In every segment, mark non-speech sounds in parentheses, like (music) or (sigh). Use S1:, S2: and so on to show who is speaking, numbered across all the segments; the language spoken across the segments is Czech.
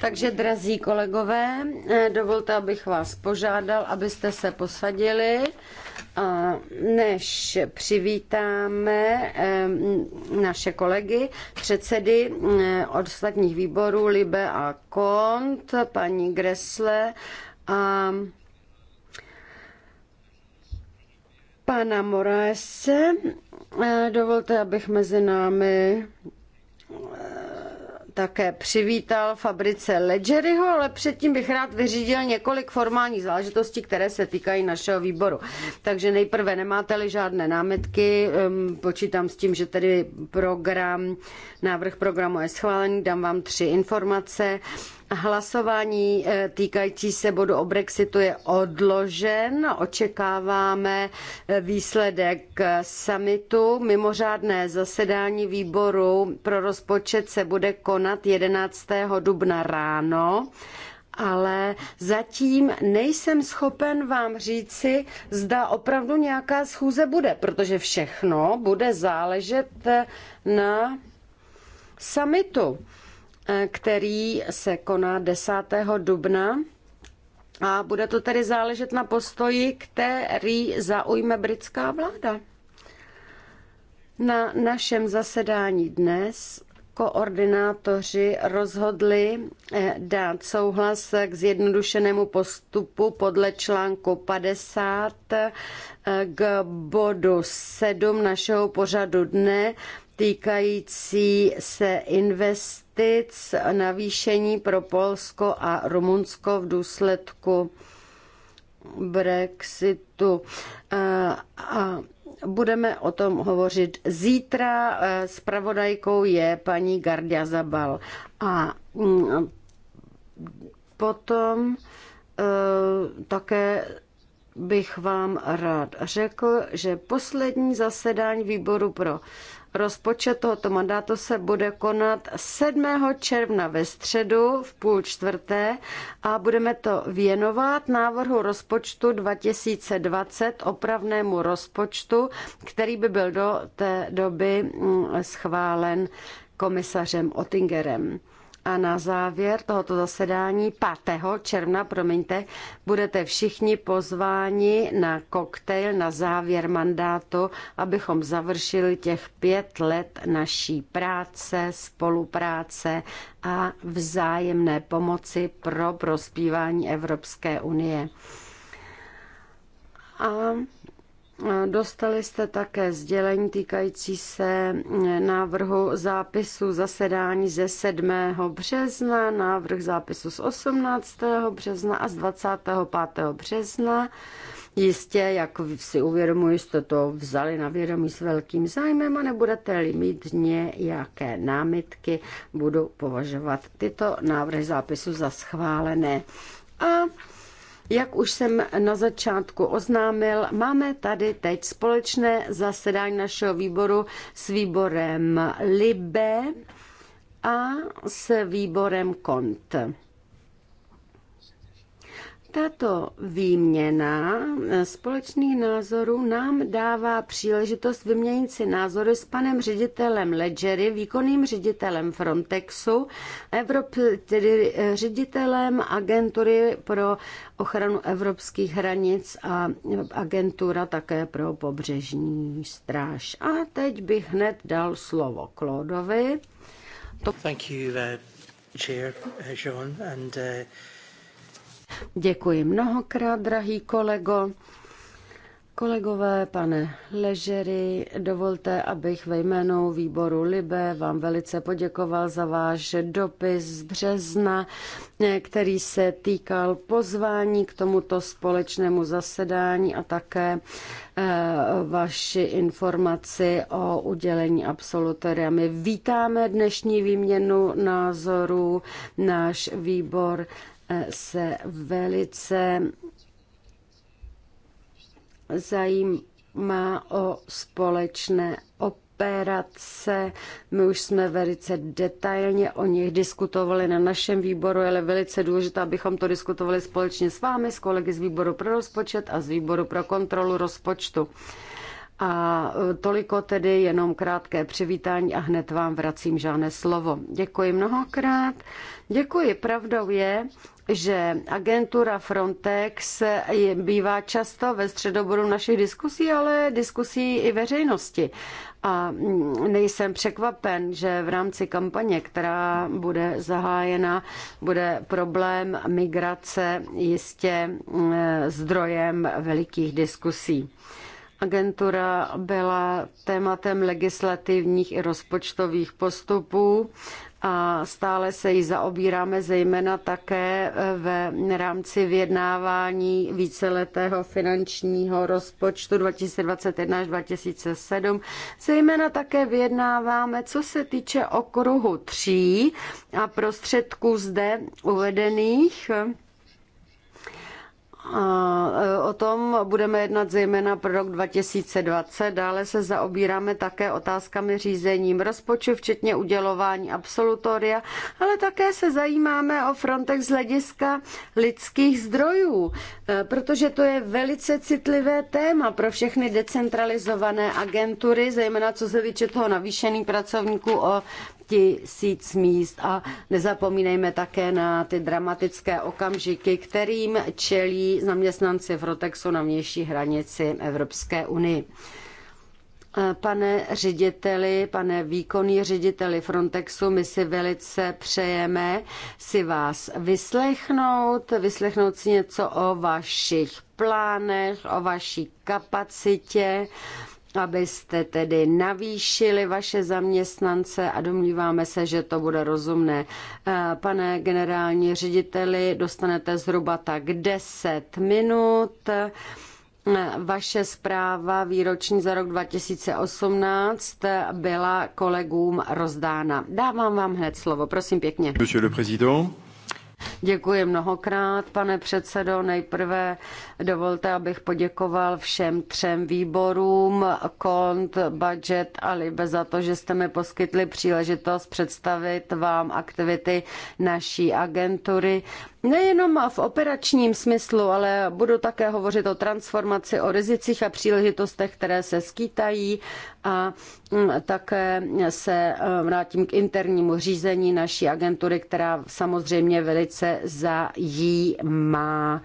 S1: Takže,
S2: drazí kolegové, eh, dovolte, abych vás požádal, abyste se posadili. A než přivítáme eh, naše kolegy, předsedy eh, ostatních výborů Libe a Kont, paní Gresle a pana Moraese, dovolte, abych mezi námi také přivítal fabrice Ledgeryho, ale předtím bych rád vyřídil několik formálních záležitostí, které se týkají našeho výboru. Takže nejprve nemáte-li žádné námitky, um, počítám s tím, že tedy program, návrh programu je schválený, dám vám tři informace. Hlasování eh, týkající se bodu o Brexitu je odložen. Očekáváme eh, výsledek eh, summitu. Mimořádné zasedání výboru pro rozpočet se bude konat 11. dubna ráno ale zatím nejsem schopen vám říci, zda opravdu nějaká schůze bude, protože všechno bude záležet na summitu který se koná 10. dubna. A bude to tedy záležet na postoji, který zaujme britská vláda. Na našem zasedání dnes koordinátoři rozhodli eh, dát souhlas k zjednodušenému postupu podle článku 50 eh, k bodu 7 našeho pořadu dne týkající se invest investic navýšení pro Polsko a Rumunsko v důsledku Brexitu. Eh, a, budeme o tom hovořit zítra. Eh, spravodajkou je paní Gardia Zabal. A mm, potom eh, také bych vám rád řekl, že poslední zasedání výboru pro Rozpočet tohoto mandátu se bude konat 7. června ve středu v půl čtvrté a budeme to věnovat návrhu rozpočtu 2020, opravnému rozpočtu, který by byl do té doby mm, schválen komisařem Ottingerem. A na závěr tohoto zasedání 5. června, promiňte, budete všichni pozváni na koktejl na závěr mandátu, abychom završili těch pět let naší práce, spolupráce a vzájemné pomoci pro prospívání Evropské unie. A Dostali jste také sdělení týkající se eh, návrhu zápisu zasedání ze 7. března, návrh zápisu z 18. března a z 25. března. Jistě, jak si uvědomuji, jste to vzali na vědomí s velkým zájmem a nebudete-li mít nějaké námitky, budu považovat tyto návrhy zápisu za schválené. A jak už jsem na začátku oznámil, máme tady teď společné zasedání našeho výboru s výborem LIBE a s výborem KONT. Tato výměna eh, společných názorů nám dává příležitost vyměnit si názory s panem ředitelem Ledgery, výkonným ředitelem Frontexu, Evrop, tedy eh, ředitelem agentury pro ochranu evropských hranic a agentura také pro pobřežní stráž. A teď bych hned dal slovo Klódovi. To... Thank you, uh, Chair, uh, Jean, and, uh... Děkuji mnohokrát, drahý kolego. Kolegové, pane Ležery, dovolte, abych ve jménu výboru Libe vám velice poděkoval za váš dopis z března, který se týkal pozvání k tomuto společnému zasedání a také eh, vaši informaci o udělení absolutoria. My vítáme dnešní výměnu názorů. Náš výbor se velice zajímá o společné operace. My už jsme velice detailně o nich diskutovali na našem výboru, ale velice důležité, abychom to diskutovali společně s vámi, s kolegy z výboru pro rozpočet a z výboru pro kontrolu rozpočtu. A toliko tedy jenom krátké přivítání a hned vám vracím žádné slovo. Děkuji mnohokrát. Děkuji. Pravdou je, že agentura Frontex je, bývá často ve středoboru našich diskusí, ale diskusí i veřejnosti. A nejsem překvapen, že v rámci kampaně, která bude zahájena, bude problém migrace jistě eh, zdrojem velikých diskusí. Agentura byla tématem legislativních i rozpočtových postupů a stále se jí zaobíráme zejména také e, v rámci vyjednávání víceletého finančního rozpočtu 2021 až 2007. Zejména také vyjednáváme, co se týče okruhu tří a prostředků zde uvedených E, o tom budeme jednat zejména pro rok 2020. Dále se zaobíráme také otázkami řízením rozpočtu, včetně udělování absolutoria, ale také se zajímáme o Frontex z hlediska lidských zdrojů, e, protože to je velice citlivé téma pro všechny decentralizované agentury, zejména co se týče toho navýšení pracovníků o tisíc míst a nezapomínejme také na ty dramatické okamžiky, kterým čelí zaměstnanci Frontexu na vnější hranici Evropské unie. Pane řediteli, pane výkonný řediteli Frontexu, my si velice přejeme si vás vyslechnout, vyslechnout si něco o vašich plánech, o vaší kapacitě abyste tedy navýšili vaše zaměstnance a domníváme se, že to bude rozumné. Eh, pane generální řediteli, dostanete zhruba tak 10 minut. Eh, vaše zpráva výroční za rok 2018 byla kolegům rozdána. Dávám vám hned slovo, prosím pěkně.
S1: Monsieur le président.
S2: Děkuji mnohokrát, pane předsedo. Nejprve dovolte, abych poděkoval všem třem výborům, kont, budget a libe za to, že jste mi poskytli příležitost představit vám aktivity naší agentury. Nejenom v operačním smyslu, ale budu také hovořit o transformaci, o rizicích a příležitostech, které se skýtají a mm, také se e, vrátím k internímu řízení naší agentury, která samozřejmě velice za jí má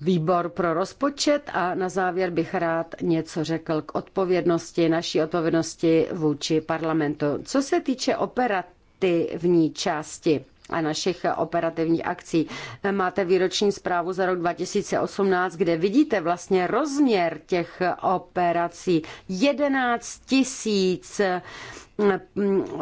S2: výbor pro rozpočet a na závěr bych rád něco řekl k odpovědnosti, naší odpovědnosti vůči parlamentu. Co se týče operativní části, a našich operativních akcí. Máte výroční zprávu za rok 2018, kde vidíte vlastně rozměr těch operací. 11 tisíc 000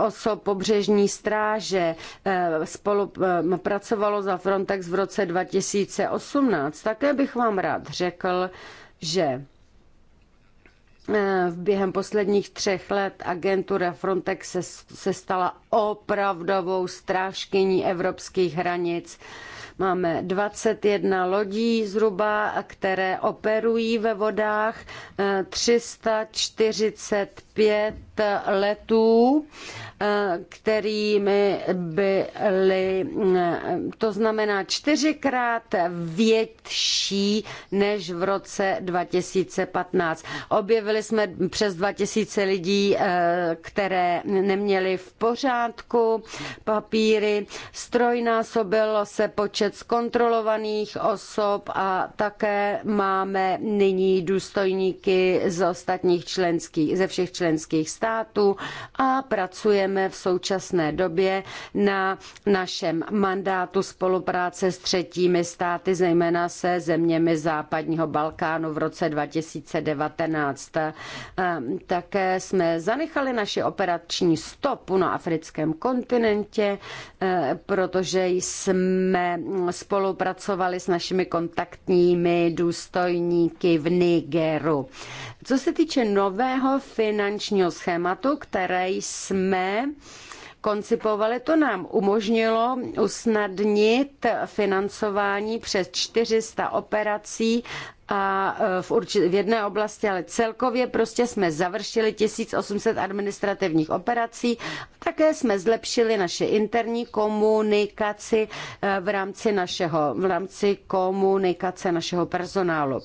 S2: osob pobřežní stráže eh, spolupracovalo eh, za Frontex v roce 2018. Také bych vám rád řekl, že eh, v během posledních třech let agentura Frontex se, se stala opravdovou strážkyní evropských hranic Máme 21 lodí zhruba, které operují ve vodách, 345 eh, letů, eh, kterými byly, mm, to znamená čtyřikrát větší než v roce 2015. Objevili jsme přes 2000 lidí, eh, které neměli v pořádku papíry, strojnásobilo se počet počet zkontrolovaných osob a také máme nyní důstojníky z ostatních členských, ze všech členských států a pracujeme v současné době na našem mandátu spolupráce s třetími státy, zejména se zeměmi západního Balkánu v roce 2019. Také jsme zanechali naši operační stopu na africkém kontinentě, e, protože jsme spolupracovali s našimi kontaktními důstojníky v Nigeru. Co se týče nového finančního schématu, které jsme koncipovali, to nám umožnilo usnadnit financování přes 400 operací a e, v, určit, v jedné oblasti, ale celkově prostě jsme završili 1800 administrativních operací. Také jsme zlepšili naše interní komunikaci e, v rámci, našeho, v rámci komunikace našeho personálu.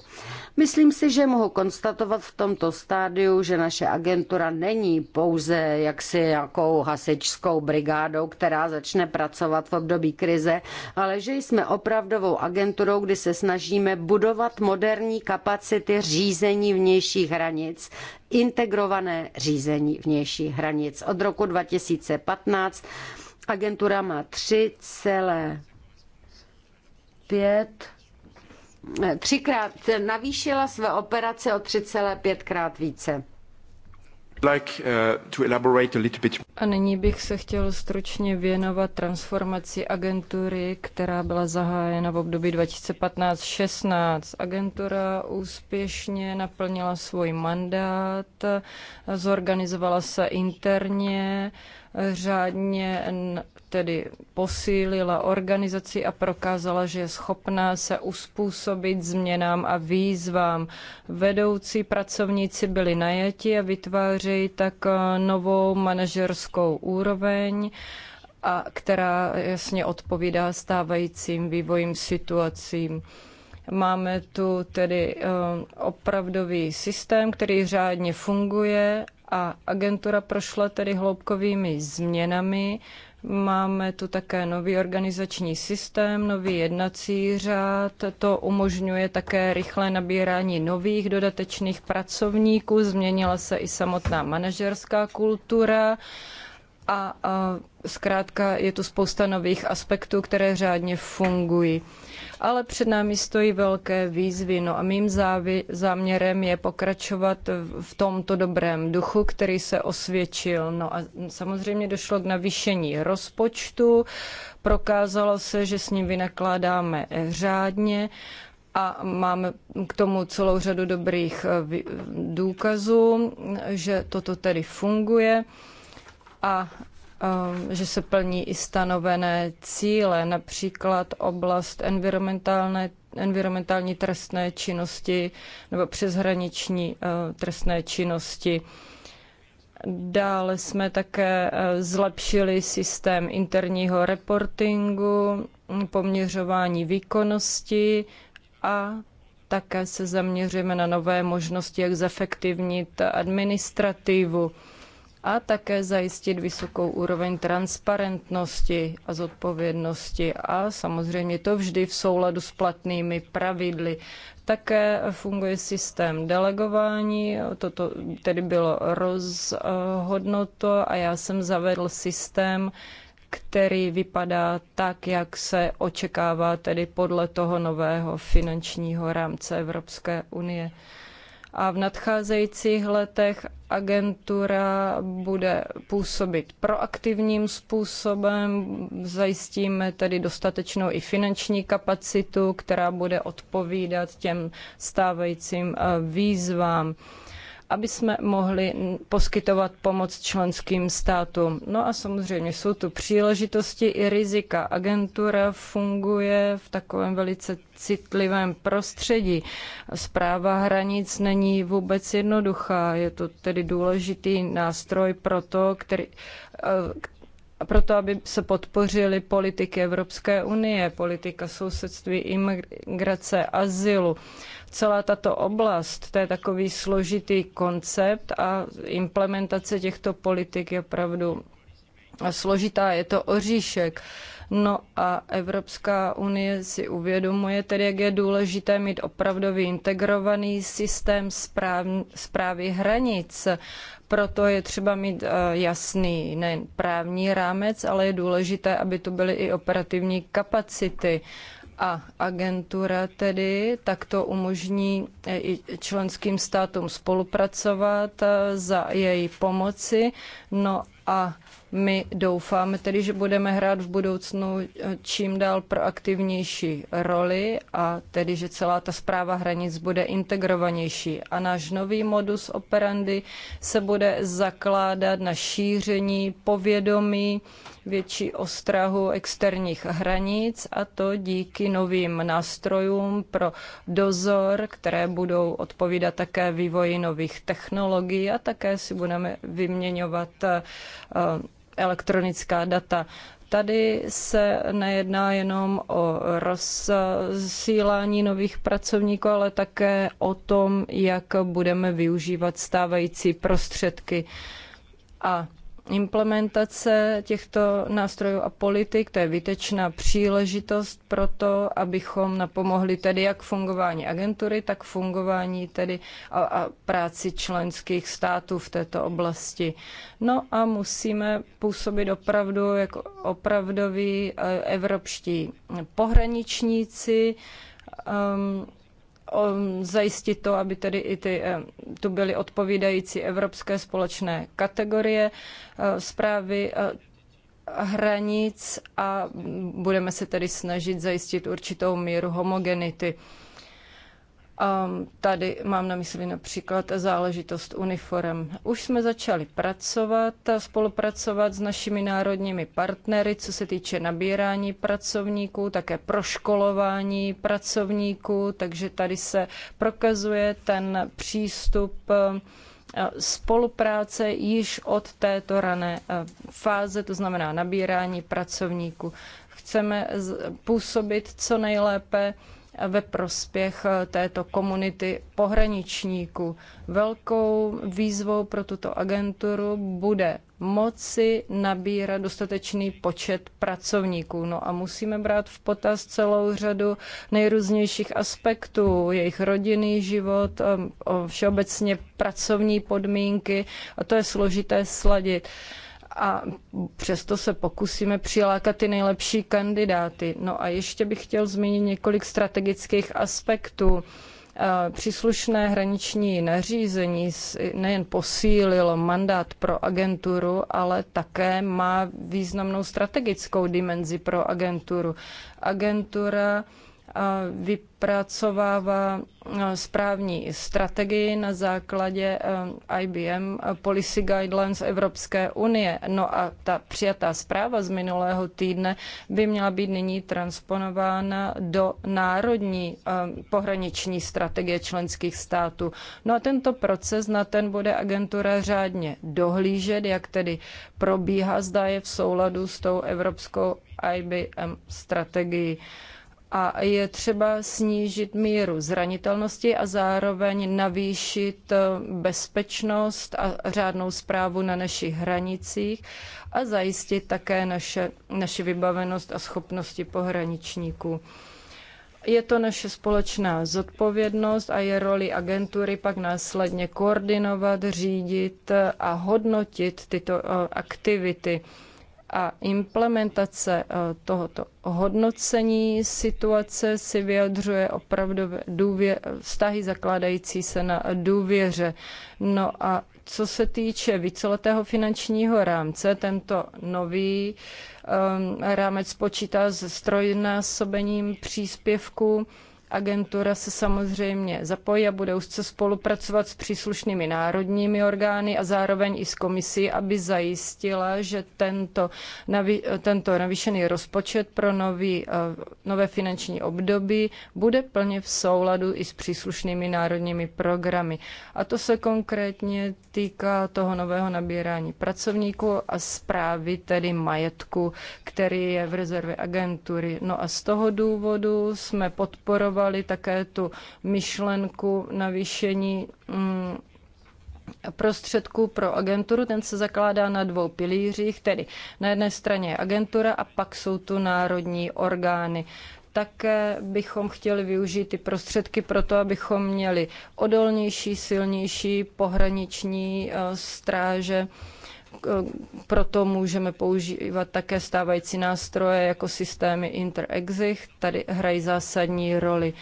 S2: Myslím si, že mohu konstatovat v tomto stádiu, že naše agentura není pouze jaksi jakou hasičskou brigádou, která začne pracovat v období krize, ale že jsme opravdovou agenturou, kdy se snažíme budovat model moderní kapacity řízení vnějších hranic, integrované řízení vnějších hranic. Od roku 2015 agentura má 3,5 třikrát navýšila své operace o 3,5 krát více.
S1: Like, uh, to elaborate a little bit.
S3: A nyní bych se chtěl stručně věnovat transformaci agentury, která byla zahájena v období 2015-16. Agentura úspěšně naplnila svůj mandát, zorganizovala se interně, řádně tedy posílila organizaci a prokázala, že je schopná se uspůsobit změnám a výzvám. Vedoucí pracovníci byli najati a vytvářejí tak eh, novou manažerskou úroveň, a která jasně odpovídá stávajícím vývojím situacím. Máme tu tedy eh, opravdový systém, který řádně funguje a agentura prošla tedy hloubkovými změnami, Máme tu také nový organizační systém, nový jednací řád. To umožňuje také rychlé nabírání nových dodatečných pracovníků. Změnila se i samotná manažerská kultura. A, a zkrátka je tu spousta nových aspektů, které řádně fungují ale před námi stojí velké výzvy. No a mým závě- záměrem je pokračovat v tomto dobrém duchu, který se osvědčil. No a samozřejmě došlo k navýšení rozpočtu, prokázalo se, že s ním vynakládáme řádně a máme k tomu celou řadu dobrých eh, důkazů, že toto tedy funguje. A Ehm, že se plní i stanovené cíle, například oblast environmentálné, environmentální trestné činnosti nebo přeshraniční eh, trestné činnosti. Dále jsme také eh, zlepšili systém interního reportingu, hm, poměřování výkonnosti a také se zaměříme na nové možnosti, jak zefektivnit administrativu a také zajistit vysokou úroveň transparentnosti a zodpovědnosti a samozřejmě to vždy v souladu s platnými pravidly. Také funguje systém delegování, toto tedy bylo rozhodnuto a já jsem zavedl systém, který vypadá tak, jak se očekává tedy podle toho nového finančního rámce Evropské unie a v nadcházejících letech agentura bude působit proaktivním způsobem. Zajistíme tedy dostatečnou i finanční kapacitu, která bude odpovídat těm stávajícím eh, výzvám aby jsme mohli poskytovat pomoc členským státům. No a samozřejmě jsou tu příležitosti i rizika. Agentura funguje v takovém velice citlivém prostředí. Zpráva hranic není vůbec jednoduchá. Je to tedy důležitý nástroj pro to, který, eh, proto, aby se podpořily politiky Evropské unie, politika sousedství, imigrace, azylu. Celá tato oblast, to je takový složitý koncept a implementace těchto politik je opravdu složitá, je to oříšek. No a Evropská unie si uvědomuje tedy, jak je důležité mít opravdový integrovaný systém správ, správy hranic. Proto je třeba mít eh, jasný nejen právní rámec, ale je důležité, aby tu byly i operativní kapacity a agentura tedy takto umožní eh, i členským státům spolupracovat eh, za její pomoci. No a my doufáme tedy, že budeme hrát v budoucnu eh, čím dál proaktivnější roli a tedy, že celá ta zpráva hranic bude integrovanější. A náš nový modus operandi se bude zakládat na šíření povědomí, větší ostrahu externích hranic a to díky novým nástrojům pro dozor, které budou odpovídat také vývoji nových technologií a také si budeme vyměňovat eh, elektronická data. Tady se nejedná jenom o rozsílání nových pracovníků, ale také o tom, jak budeme využívat stávající prostředky. A Implementace těchto nástrojů a politik, to je výtečná příležitost pro to, abychom napomohli tedy jak fungování agentury, tak fungování tedy a, a práci členských států v této oblasti. No a musíme působit opravdu jako opravdoví eh, evropští pohraničníci, um, Um, zajistit to, aby tedy i ty, um, tu byly odpovídající evropské společné kategorie uh, zprávy uh, hranic a budeme se tedy snažit zajistit určitou míru homogenity. Tady mám na mysli například záležitost uniform. Už jsme začali pracovat a spolupracovat s našimi národními partnery, co se týče nabírání pracovníků, také proškolování pracovníků, takže tady se prokazuje ten přístup spolupráce již od této rané fáze, to znamená nabírání pracovníků. Chceme působit co nejlépe ve prospěch eh, této komunity pohraničníků. Velkou výzvou pro tuto agenturu bude moci nabírat dostatečný počet pracovníků. No a musíme brát v potaz celou řadu nejrůznějších aspektů, jejich rodinný život, eh, všeobecně pracovní podmínky a to je složité sladit a přesto se pokusíme přilákat ty nejlepší kandidáty. No a ještě bych chtěl zmínit několik strategických aspektů eh, příslušné hraniční nařízení nejen posílilo mandát pro agenturu, ale také má významnou strategickou dimenzi pro agenturu. Agentura vypracovává správní strategii na základě IBM Policy Guidelines Evropské unie. No a ta přijatá zpráva z minulého týdne by měla být nyní transponována do národní pohraniční strategie členských států. No a tento proces na ten bude agentura řádně dohlížet, jak tedy probíhá, zda je v souladu s tou evropskou IBM strategií a je třeba snížit míru zranitelnosti a zároveň navýšit eh, bezpečnost a řádnou správu na našich hranicích a zajistit také naše, naši vybavenost a schopnosti pohraničníků. Je to naše společná zodpovědnost a je roli agentury pak následně koordinovat, řídit a hodnotit tyto eh, aktivity a implementace eh, tohoto hodnocení situace si vyjadřuje opravdu důvě, vztahy zakládající se na důvěře. No a co se týče víceletého finančního rámce, tento nový um, rámec počítá s trojnásobením příspěvku Agentura se samozřejmě zapojí a bude úzce spolupracovat s příslušnými národními orgány a zároveň i s komisí, aby zajistila, že tento, navi, tento navýšený rozpočet pro nový, eh, nové finanční období bude plně v souladu i s příslušnými národními programy. A to se konkrétně týká toho nového nabírání pracovníků a zprávy tedy majetku, který je v rezervě agentury. No a z toho důvodu jsme podporovali zmiňovali také tu myšlenku navýšení mm, prostředků pro agenturu, ten se zakládá na dvou pilířích, tedy na jedné straně je agentura a pak jsou tu národní orgány. Také bychom chtěli využít ty prostředky pro to, abychom měli odolnější, silnější pohraniční eh, stráže proto můžeme používat také stávající nástroje jako systémy interexich, tady hrají zásadní roli. Uh,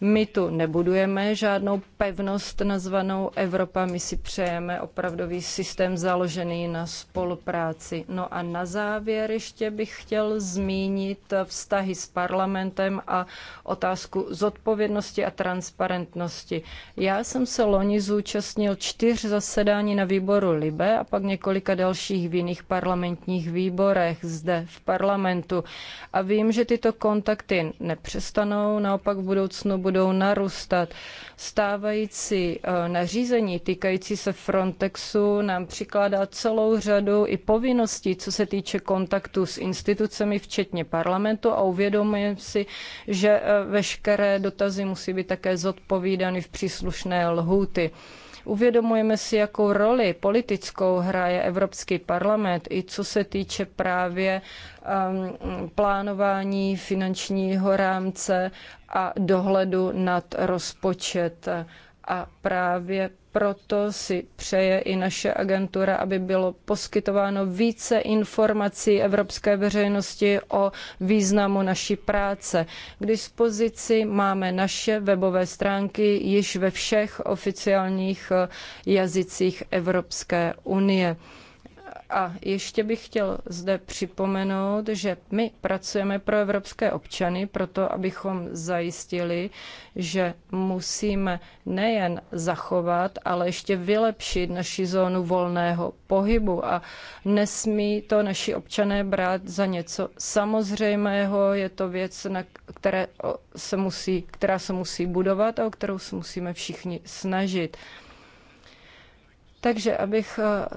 S3: my tu nebudujeme žádnou pevnost nazvanou Evropa, my si přejeme opravdový systém založený na spolupráci. No a na závěr ještě bych chtěl zmínit vztahy s parlamentem a otázku zodpovědnosti a transparentnosti. Já jsem se loni zúčastnil čtyř zasedání na výboru Libe a pak několika dalších v jiných parlamentních výborech zde v parlamentu. A vím, že tyto kontakty nepřestanou, naopak v budoucnu budou narůstat. Stávající eh, nařízení týkající se Frontexu nám přikládá celou řadu i povinností, co se týče kontaktu s institucemi, včetně parlamentu a uvědomujeme si, že eh, veškeré dotazy musí být také zodpovídány v příslušné lhůty. Uvědomujeme si, jakou roli politickou hraje Evropský parlament i co se týče právě um, plánování finančního rámce a dohledu nad rozpočet a právě proto si přeje i naše agentura, aby bylo poskytováno více informací evropské veřejnosti o významu naší práce. K dispozici máme naše webové stránky již ve všech oficiálních eh, jazycích Evropské unie. A ještě bych chtěl zde připomenout, že my pracujeme pro evropské občany, proto abychom zajistili, že musíme nejen zachovat, ale ještě vylepšit naši zónu volného pohybu. A nesmí to naši občané brát za něco samozřejmého, je to věc, na které se musí, která se musí budovat a o kterou se musíme všichni snažit. Takže abych eh,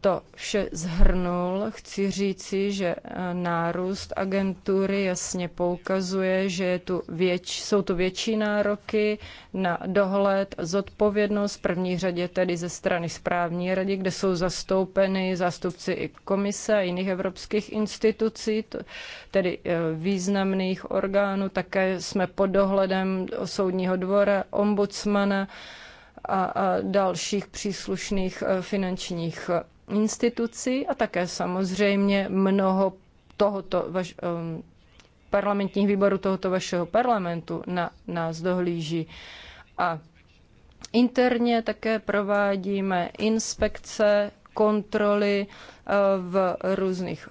S3: to vše zhrnul, chci říci, že eh, nárůst agentury jasně poukazuje, že je tu věč, jsou tu větší nároky na dohled, zodpovědnost, v první řadě tedy ze strany správní rady, kde jsou zastoupeny zástupci i komise a jiných evropských institucí, tedy eh, významných orgánů. Také jsme pod dohledem soudního dvora, ombudsmana a dalších příslušných eh, finančních institucí a také samozřejmě mnoho tohoto vaš, um, parlamentních výborů tohoto vašeho parlamentu na nás dohlíží. A interně také provádíme inspekce, kontroly uh, v různých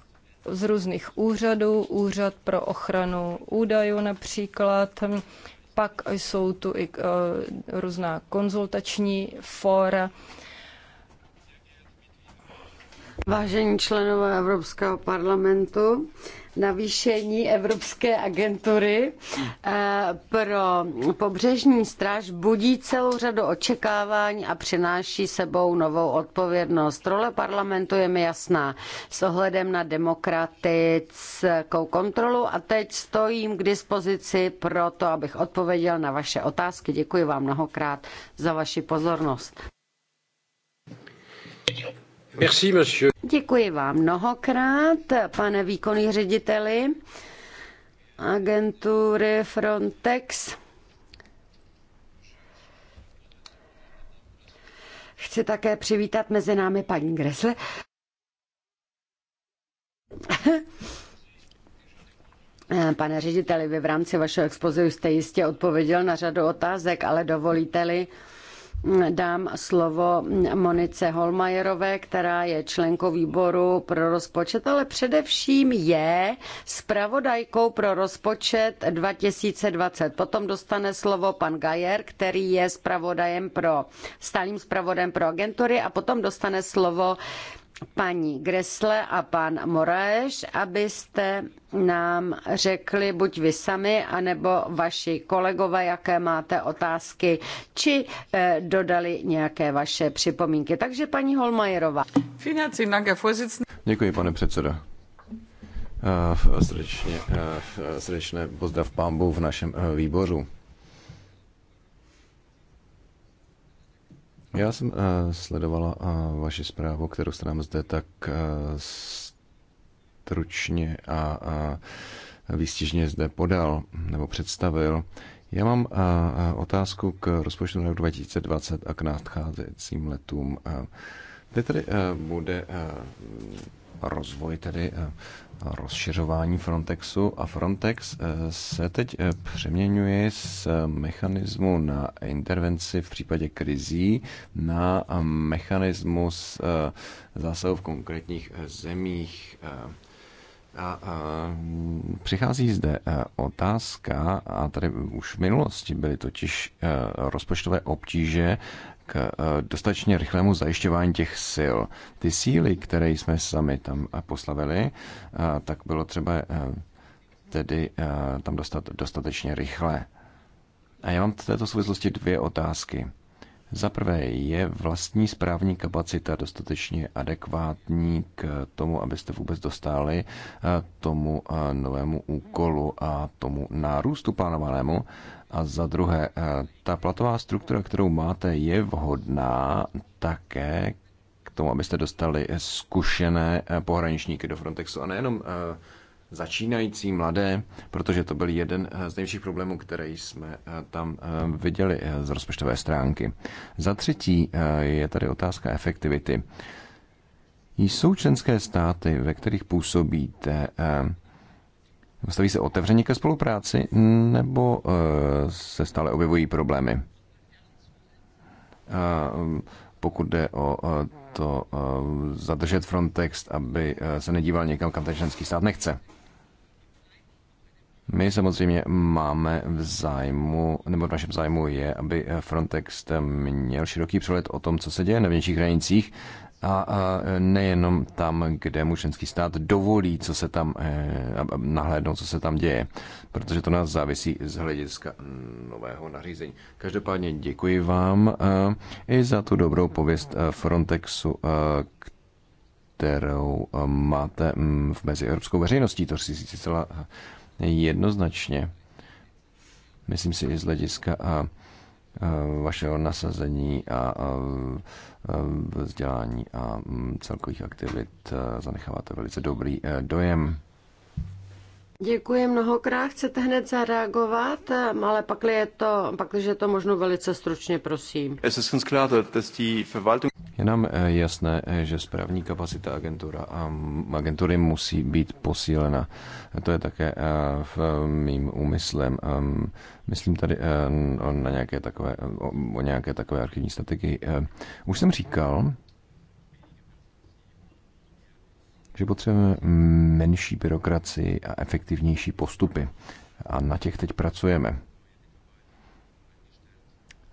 S3: z různých úřadů, úřad pro ochranu údajů například, pak jsou tu i uh, různá konzultační fóra, Vážení členové Evropského parlamentu,
S2: navýšení Evropské agentury eh, pro pobřežní stráž budí celou řadu očekávání a přináší sebou novou odpovědnost. Role parlamentu je mi jasná s ohledem na demokratickou kontrolu a teď stojím k dispozici pro to, abych odpověděl na vaše otázky. Děkuji vám mnohokrát za vaši pozornost.
S1: Merci, monsieur.
S2: Děkuji vám mnohokrát, pane výkonný řediteli agentury Frontex. Chci také přivítat mezi námi paní Gresle. (laughs) Pane řediteli, vy v rámci vašeho expozu jste jistě odpověděl na řadu otázek, ale dovolíte-li, dám slovo Monice Holmajerové, která je členkou výboru pro rozpočet, ale především je zpravodajkou pro rozpočet 2020. Potom dostane slovo pan Gajer, který je zpravodajem pro, stálým zpravodajem pro agentury a potom dostane slovo paní Gresle a pan Moraes, abyste nám řekli buď vy sami, anebo vaši kolegové, jaké máte otázky, či eh, dodali nějaké vaše připomínky. Takže paní Holmajerová.
S1: Děkuji, pane předseda. Eh, srdečně, eh, srdečné pozdrav pámbu v našem výboru. Já jsem eh, sledovala eh, vaši zprávu, kterou jste nám zde tak eh, stručně a výstižně zde podal nebo představil. Já mám otázku k rozpočtu na 2020 a k nadcházejícím letům. Kde tedy bude rozvoj tedy rozšiřování Frontexu a Frontex eh, se teď eh, přeměňuje z eh, mechanismu na intervenci v případě krizí na mechanismus zásahu v konkrétních zemích. A, a přichází zde otázka, a tady už v minulosti byly totiž rozpočtové obtíže k eh, dostatečně rychlému zajišťování těch sil. Ty síly, které jsme sami tam eh, poslavili, eh, tak bylo třeba tedy tam dostat dostatečně rychle. A já mám v této souvislosti dvě otázky. Za prvé, je vlastní správní kapacita dostatečně adekvátní k tomu, abyste vůbec dostali tomu novému úkolu a tomu nárůstu plánovanému? A za druhé, eh, ta platová struktura, kterou máte, je vhodná také k tomu, abyste dostali zkušené eh, pohraničníky do Frontexu a nejenom eh, začínající mladé, protože to byl jeden z největších problémů, který jsme tam viděli z rozpočtové stránky. Za třetí je tady otázka efektivity. Jsou členské státy, ve kterých působíte, Staví se otevřeně ke spolupráci nebo eh, se stále objevují problémy? Eh, pokud jde o eh, to zadržet Frontex, aby se nedíval někam, kam ten členský stát nechce. My samozřejmě máme v zájmu, nebo v našem zájmu je, aby Frontex měl široký přehled o tom, co se děje na vnějších hranicích, a nejenom tam, kde mu ženský stát dovolí, co se tam eh, nahlédnout, co se tam děje, protože to nás závisí z hlediska mm, nového nařízení. Každopádně děkuji vám eh, i za tu dobrou pověst eh, Frontexu, kterou máte mm, v mezi evropskou veřejností, to si zcela jednoznačně. Myslím si i z hlediska a Eh, vašeho nasazení a eh, vzdělání a mm, celkových aktivit eh, zanecháváte velice dobrý dojem.
S2: Děkuji mnohokrát. Chcete hned zareagovat, ale pak je to, pak je to možno velice stručně, prosím.
S1: Je nám eh, jasné, eh, že správní kapacita agentura a agentury musí být posílena. To je také eh, v mým úmyslem. Ehm, myslím tady na nějaké takové, o nějaké takové archivní strategii. Už jsem říkal, že potřebujeme menší byrokracii a efektivnější postupy. A na těch teď pracujeme.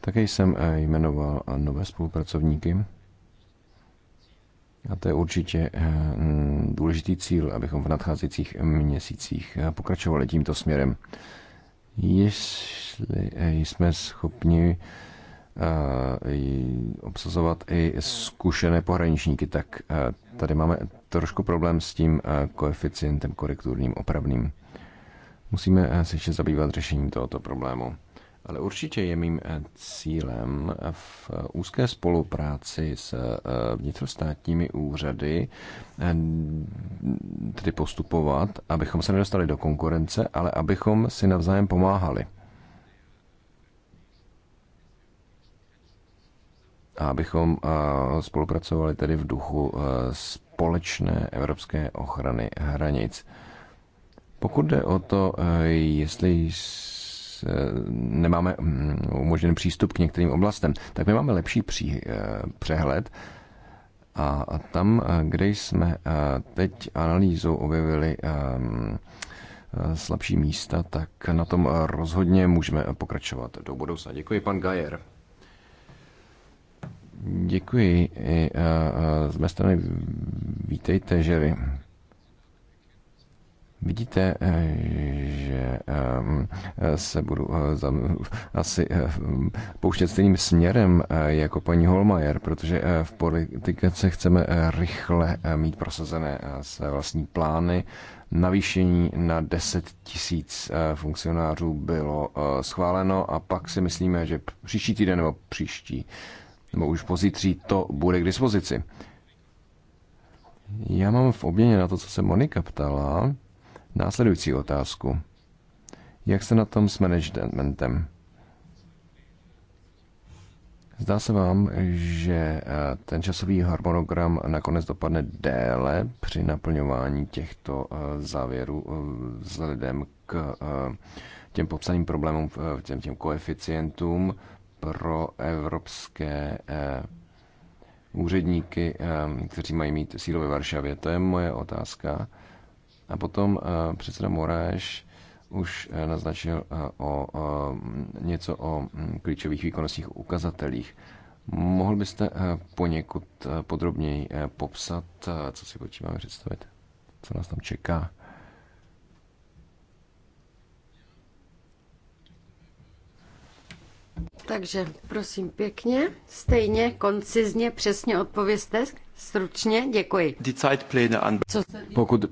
S1: Také jsem eh, jmenoval eh, nové spolupracovníky. A to je určitě eh, důležitý cíl, abychom v nadcházejících měsících pokračovali tímto směrem. Jestli jsme schopni Eh, obsazovat i zkušené pohraničníky, tak eh, tady máme trošku problém s tím eh, koeficientem korekturním opravným. Musíme se ještě zabývat řešením tohoto problému. Ale určitě je mým cílem v úzké spolupráci s vnitrostátními úřady tedy postupovat, abychom se nedostali do konkurence, ale abychom si navzájem pomáhali. a abychom spolupracovali tedy v duchu e, společné evropské ochrany hranic. Pokud jde o to, e, jestli e, nemáme mm, umožněn přístup k některým oblastem, tak my máme lepší pří, přehled a tam, kde jsme teď analýzou objevili slabší místa, tak na tom rozhodně můžeme pokračovat do budoucna. Děkuji, pan Gajer. Děkuji. I, z mé strany vítejte, že vy vidíte, e, že e, se budu e, asi pouštět stejným směrem jako paní Holmajer, protože v politice chceme rychle mít prosazené své vlastní plány. Navýšení na 10 tisíc funkcionářů bylo schváleno a pak si myslíme, že příští týden nebo příští nebo už pozítří to bude k dispozici. Já mám v obměně na to, co se Monika ptala, následující otázku. Jak se na tom s managementem? Zdá se vám, že eh, ten časový harmonogram nakonec dopadne déle při naplňování těchto eh, závěrů eh, vzhledem k těm popsaným problémům, těm, těm koeficientům pro evropské eh, úředníky, eh, kteří mají mít sílu ve Varšavě? To je moje otázka. A potom eh, předseda Moráš už naznačil o, eh, něco o mm, klíčových výkonnostních ukazatelích. Mohl byste poněkud podrobněji popsat, co si pod tím představit? Co nás tam čeká?
S2: Takže prosím pěkně, stejně, koncizně, přesně odpověste, stručně, děkuji.
S1: pokud,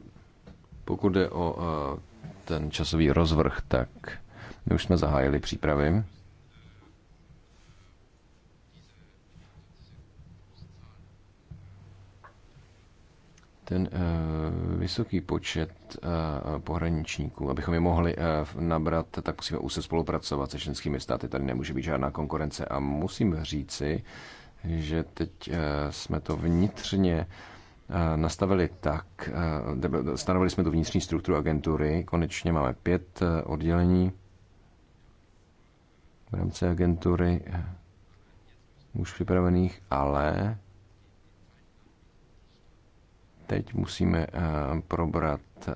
S1: pokud jde o uh, ten časový rozvrh, tak my už jsme zahájili přípravy. ten eh, vysoký počet eh, pohraničníků, abychom je mohli eh, nabrat, tak musíme se spolupracovat se členskými státy. Tady nemůže být žádná konkurence a musím říci, že teď jsme to vnitřně nastavili tak, stanovili jsme tu vnitřní strukturu agentury, konečně máme pět oddělení v rámci agentury už připravených, ale Teď musíme eh, probrat eh,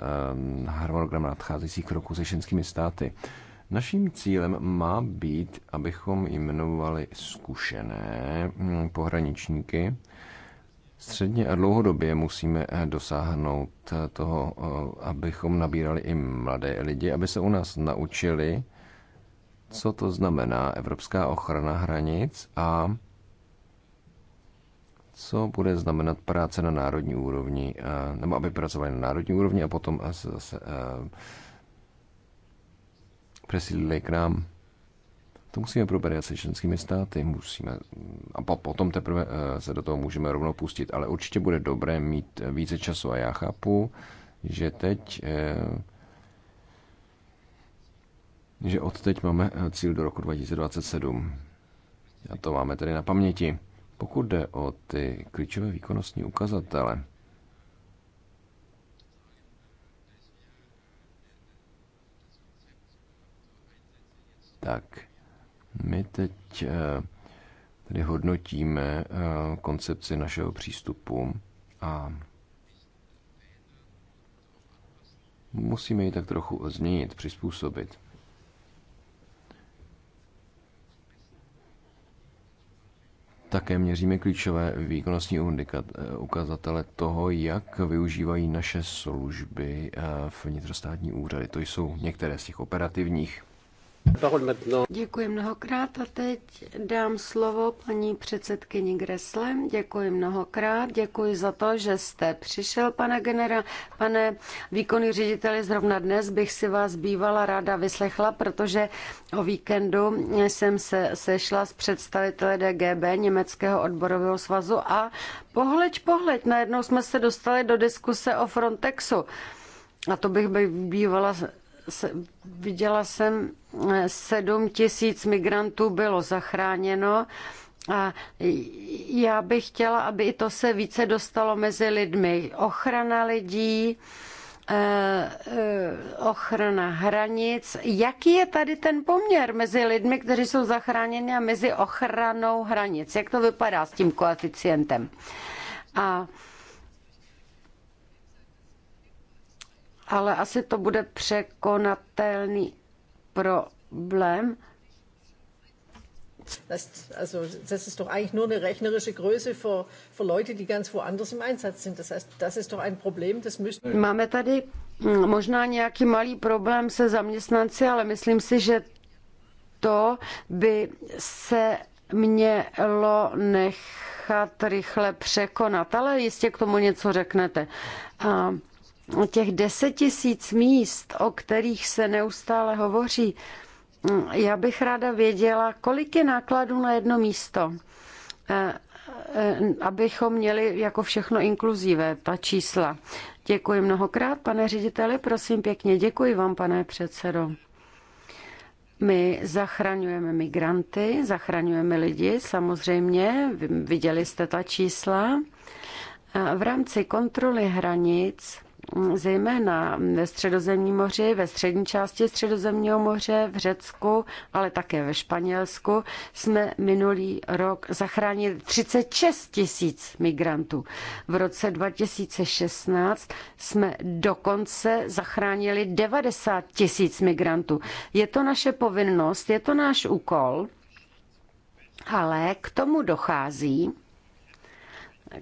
S1: harmonogram nadcházejících kroků se členskými státy. Naším cílem má být, abychom jmenovali zkušené hm, pohraničníky. Středně a dlouhodobě musíme eh, dosáhnout toho, abychom nabírali i mladé lidi, aby se u nás naučili, co to znamená evropská ochrana hranic a co bude znamenat práce na národní úrovni, nebo aby pracovali na národní úrovni a potom se zase přesídlili k nám. To musíme probrat se členskými státy, musíme, a potom teprve se do toho můžeme rovnou pustit, ale určitě bude dobré mít více času a já chápu, že teď e, že od teď máme e, cíl do roku 2027. A to máme tedy na paměti. Pokud jde o ty klíčové výkonnostní ukazatele, tak my teď eh, tedy hodnotíme eh, koncepci našeho přístupu a musíme ji tak trochu změnit, přizpůsobit. Také měříme klíčové výkonnostní eh, ukazatele toho, jak využívají naše služby eh, vnitrostátní úřady. To jsou některé z těch operativních.
S2: Děkuji mnohokrát a teď dám slovo paní předsedkyni Gresle. Děkuji mnohokrát, děkuji za to, že jste přišel, pane genera, pane výkonný řediteli, zrovna dnes bych si vás bývala ráda vyslechla, protože o víkendu jsem se sešla s představiteli DGB, Německého odborového svazu a pohleď, pohleď, najednou jsme se dostali do diskuse o Frontexu. A to bych bývala viděla jsem, 7 eh, tisíc migrantů bylo zachráněno a já bych chtěla, aby i to se více dostalo mezi lidmi. Ochrana lidí, eh, eh, ochrana hranic. Jaký je tady ten poměr mezi lidmi, kteří jsou zachráněni a mezi ochranou hranic? Jak to vypadá s tím koeficientem? A ale asi to bude překonatelný problém. Das, also, das ist doch eigentlich nur eine rechnerische Größe für, für Leute, die ganz woanders im Einsatz sind. Das heißt, das ist doch ein Problem, das müssten... Máme tady hm, možná nějaký malý problém se zaměstnanci, ale myslím si, že to by se mělo nechat rychle překonat. Ale jistě k tomu něco řeknete. A těch deset tisíc míst, o kterých se neustále hovoří, já bych ráda věděla, kolik je nákladů na jedno místo, eh, eh, abychom měli jako všechno inkluzivé, ta čísla. Děkuji mnohokrát, pane řediteli, prosím pěkně, děkuji vám, pane předsedo. My zachraňujeme migranty, zachraňujeme lidi, samozřejmě, viděli jste ta čísla. Eh, v rámci kontroly hranic Mm, zejména ve Středozemním moři, ve střední části Středozemního moře, v Řecku, ale také ve Španělsku, jsme minulý rok zachránili 36 tisíc migrantů. V roce 2016 jsme dokonce zachránili 90 tisíc migrantů. Je to naše povinnost, je to náš úkol, ale k tomu dochází,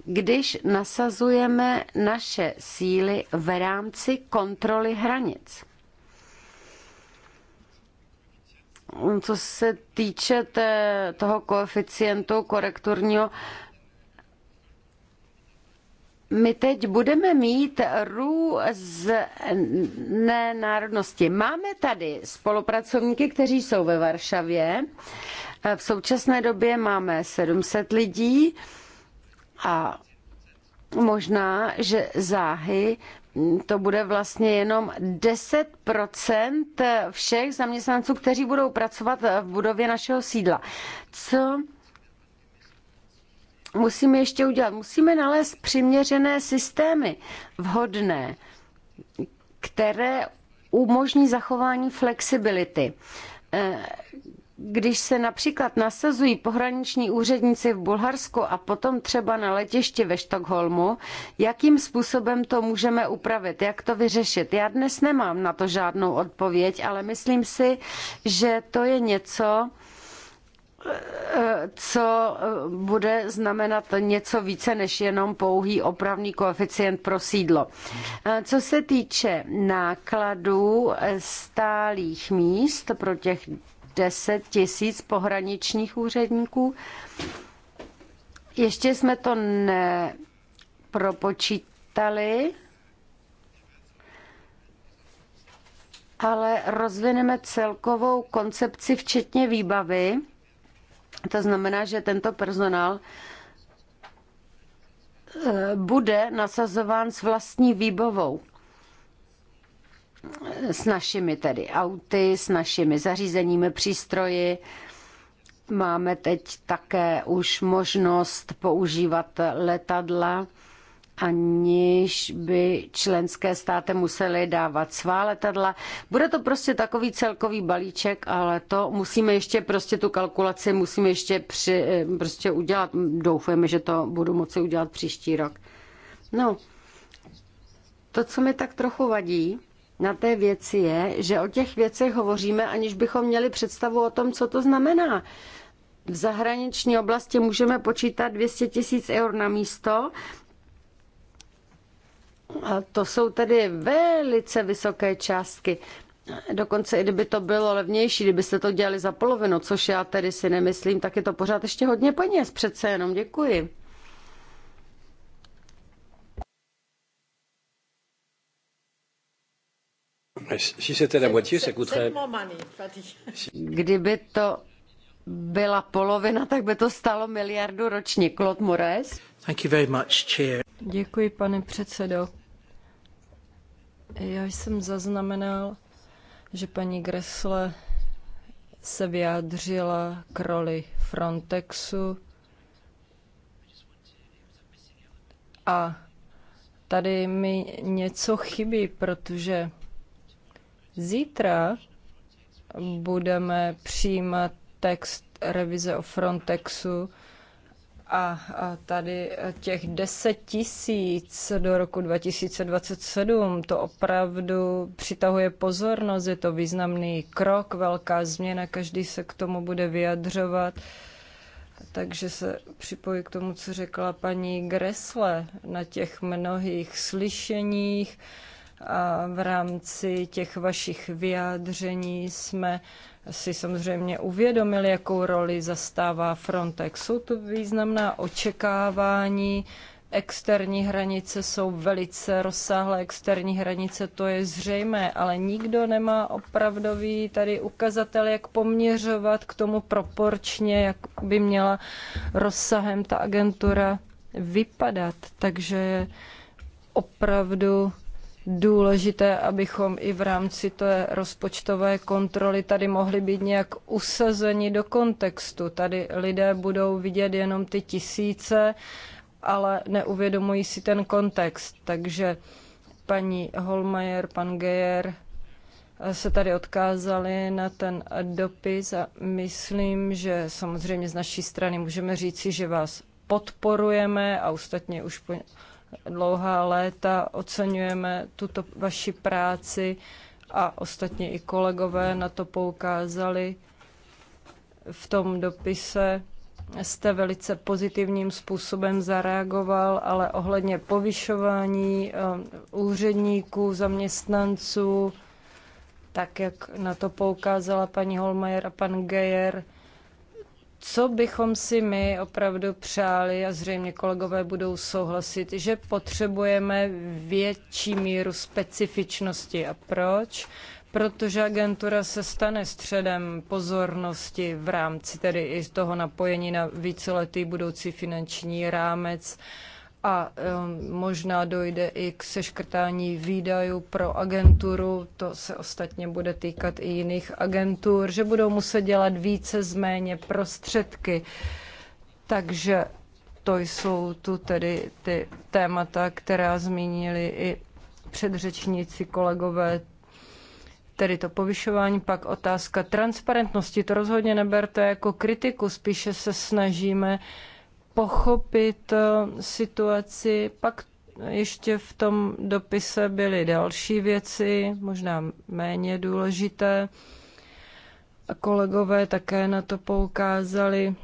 S2: když nasazujeme naše síly v rámci kontroly hranic. Co se týče té, toho koeficientu korekturního, my teď budeme mít různé národnosti. Máme tady spolupracovníky, kteří jsou ve Varšavě. V současné době máme 700 lidí a možná, že záhy to bude vlastně jenom 10% všech zaměstnanců, kteří budou pracovat v budově našeho sídla. Co musíme ještě udělat? Musíme nalézt přiměřené systémy, vhodné, které umožní zachování flexibility když se například nasazují pohraniční úředníci v Bulharsku a potom třeba na letišti ve Štokholmu, jakým způsobem to můžeme upravit, jak to vyřešit. Já dnes nemám na to žádnou odpověď, ale myslím si, že to je něco, co bude znamenat něco více než jenom pouhý opravný koeficient pro sídlo. Co se týče nákladů stálých míst pro těch 10 tisíc pohraničních úředníků. Ještě jsme to nepropočítali, ale rozvineme celkovou koncepci, včetně výbavy. To znamená, že tento personál eh, bude nasazován s vlastní výbavou s našimi tedy auty, s našimi zařízeními, přístroji. Máme teď také už možnost používat letadla, aniž by členské státy musely dávat svá letadla. Bude to prostě takový celkový balíček, ale to musíme ještě prostě tu kalkulaci musíme ještě při, eh, prostě udělat. Doufujeme, že to budu moci udělat příští rok. No, to, co mi tak trochu vadí, na té věci je, že o těch věcech hovoříme, aniž bychom měli představu o tom, co to znamená. V zahraniční oblasti můžeme počítat 200 tisíc eur na místo. A to jsou tedy velice vysoké částky. Dokonce i kdyby to bylo levnější, kdybyste to dělali za polovinu, což já tedy si nemyslím, tak je to pořád ještě hodně peněz. Přece jenom děkuji. Kdyby to byla polovina, tak by to stalo miliardu ročně. Claude Moraes.
S3: Děkuji, pane předsedo. Já jsem zaznamenal, že paní Gressle se vyjádřila k roli Frontexu a tady mi něco chybí, protože Zítra budeme přijímat text revize o Frontexu a, a tady těch 10 tisíc do roku 2027, to opravdu přitahuje pozornost, je to významný krok, velká změna, každý se k tomu bude vyjadřovat. Takže se připojí k tomu, co řekla paní Gresle na těch mnohých slyšeních. A v rámci těch vašich vyjádření jsme si samozřejmě uvědomili, jakou roli zastává Frontex. Jsou to významná očekávání, externí hranice jsou velice rozsáhlé, externí hranice to je zřejmé, ale nikdo nemá opravdový tady ukazatel, jak poměřovat k tomu proporčně, jak by měla rozsahem ta agentura vypadat. Takže je opravdu důležité, abychom i v rámci té rozpočtové kontroly tady mohli být nějak usazeni do kontextu. Tady lidé budou vidět jenom ty tisíce, ale neuvědomují si ten kontext. Takže paní Holmajer, pan Geyer se tady odkázali na ten dopis a myslím, že samozřejmě z naší strany můžeme říci, že vás podporujeme a ostatně už po dlouhá léta. Oceňujeme tuto vaši práci a ostatně i kolegové na to poukázali v tom dopise jste velice pozitivním způsobem zareagoval, ale ohledně povyšování eh, úředníků, zaměstnanců, tak jak na to poukázala paní Holmajer a pan Gejer, co bychom si my opravdu přáli, a zřejmě kolegové budou souhlasit, že potřebujeme větší míru specifičnosti. A proč? Protože agentura se stane středem pozornosti v rámci tedy i toho napojení na víceletý budoucí finanční rámec. Uh, a um, možná dojde i k seškrtání výdajů pro agenturu, to se ostatně bude týkat i jiných agentur, že budou muset dělat více z méně prostředky. Takže to jsou tu tedy ty témata, která zmínili i předřečníci kolegové, tedy to povyšování, pak otázka transparentnosti. To rozhodně neberte jako kritiku, spíše se snažíme uh, pochopit eh, situaci. Pak ještě v tom dopise byly další věci, možná méně důležité. A kolegové také na to poukázali,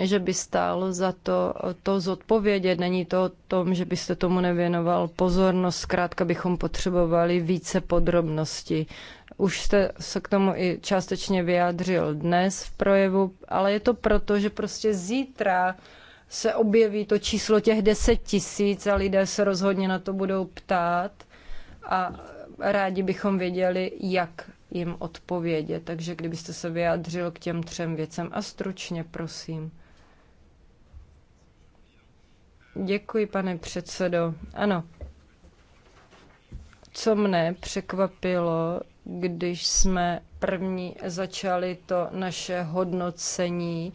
S3: že by stálo za to to zodpovědět. Není to o tom, že byste tomu nevěnoval pozornost, zkrátka bychom potřebovali více podrobností. Už jste se k tomu i částečně vyjádřil dnes v projevu, ale je to proto, že prostě zítra se objeví to číslo těch 10 tisíc a lidé se rozhodně na to budou ptát a rádi bychom věděli, jak jim odpovědět. Takže kdybyste se vyjádřil k těm třem věcem a stručně, prosím. Děkuji, pane předsedo. Ano. Co mne překvapilo, když jsme první začali to naše hodnocení,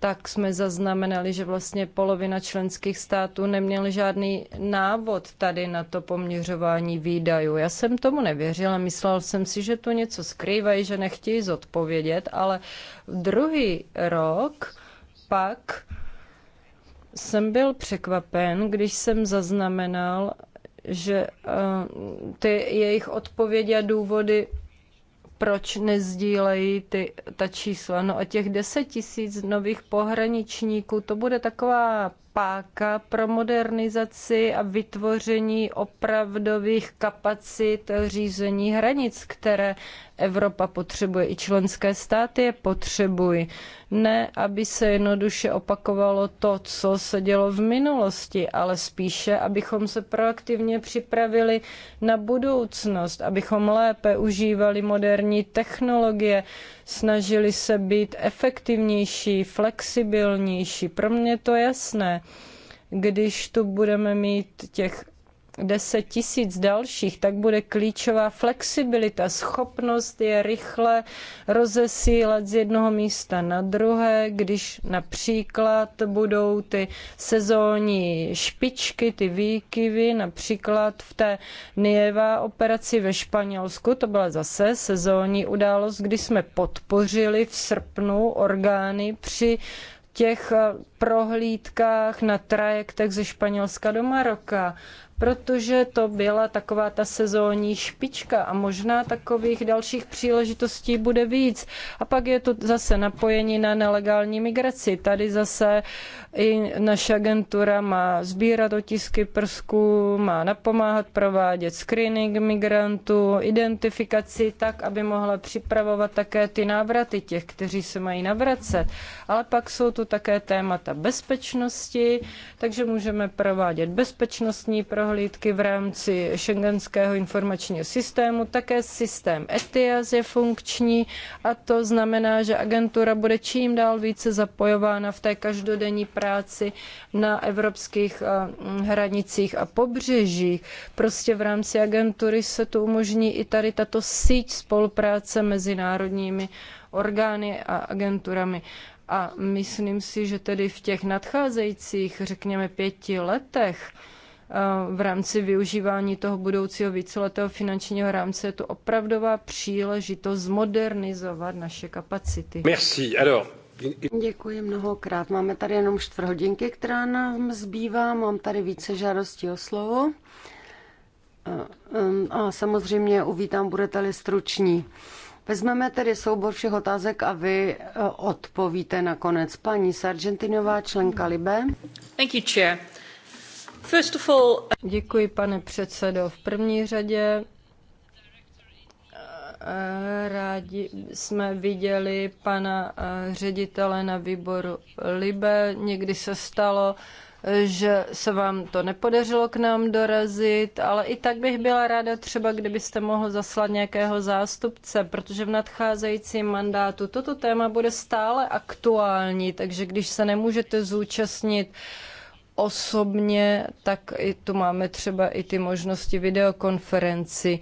S3: tak jsme zaznamenali, že vlastně polovina členských států neměl žádný návod tady na to poměřování výdajů. Já jsem tomu nevěřila, myslel jsem si, že to něco skrývají, že nechtějí zodpovědět, ale druhý rok pak jsem byl překvapen, když jsem zaznamenal, že eh, ty jejich odpovědi a důvody, proč nezdílejí ty, ta čísla. No a těch 10 tisíc nových pohraničníků, to bude taková páka pro modernizaci a vytvoření opravdových kapacit řízení hranic, které Evropa potřebuje, i členské státy je potřebují. Ne, aby se jednoduše opakovalo to, co se dělo v minulosti, ale spíše, abychom se proaktivně připravili na budoucnost, abychom lépe užívali moderní technologie, snažili se být efektivnější, flexibilnější. Pro mě to je jasné. Když tu budeme mít těch 10 tisíc dalších, tak bude klíčová flexibilita, schopnost je rychle rozesílat z jednoho místa na druhé, když například budou ty sezónní špičky, ty výkyvy, například v té Nieva operaci ve Španělsku, to byla zase sezónní událost, kdy jsme podpořili v srpnu orgány při těch prohlídkách na trajektech ze Španělska do Maroka protože to byla taková ta sezónní špička a možná takových dalších příležitostí bude víc. A pak je to zase napojení na nelegální migraci. Tady zase i naše agentura má sbírat otisky prsků, má napomáhat provádět screening migrantů, identifikaci tak, aby mohla připravovat také ty návraty těch, kteří se mají navracet. Ale pak jsou tu také témata bezpečnosti, takže můžeme provádět bezpečnostní pro prohlídky v rámci šengenského informačního systému. Také systém ETIAS je funkční a to znamená, že agentura bude čím dál více zapojována v té každodenní práci na evropských eh, hranicích a pobřežích. Prostě v rámci agentury se tu umožní i tady tato síť spolupráce mezi národními orgány a agenturami. A myslím si, že tedy v těch nadcházejících, řekněme, pěti letech, v rámci využívání toho budoucího víceletého finančního rámce je to opravdová příležitost zmodernizovat naše kapacity.
S1: Merci.
S2: Alors, Děkuji mnohokrát. Máme tady jenom čtvrthodinky, která nám zbývá. Mám tady více žádostí o slovo. A um, samozřejmě uvítám, budete-li struční. Vezmeme tedy soubor všech otázek a vy eh, odpovíte nakonec. Paní Sargentinová, členka Libe.
S3: Thank you, chair. Děkuji, pane předsedo. V první řadě eh, rádi jsme viděli pana eh, ředitele na výboru Libe. Někdy se stalo, eh, že se vám to nepodařilo k nám dorazit, ale i tak bych byla ráda třeba, kdybyste mohl zaslat nějakého zástupce, protože v nadcházejícím mandátu toto téma bude stále aktuální, takže když se nemůžete zúčastnit uh, osobně, tak i tu máme třeba i ty možnosti videokonferenci.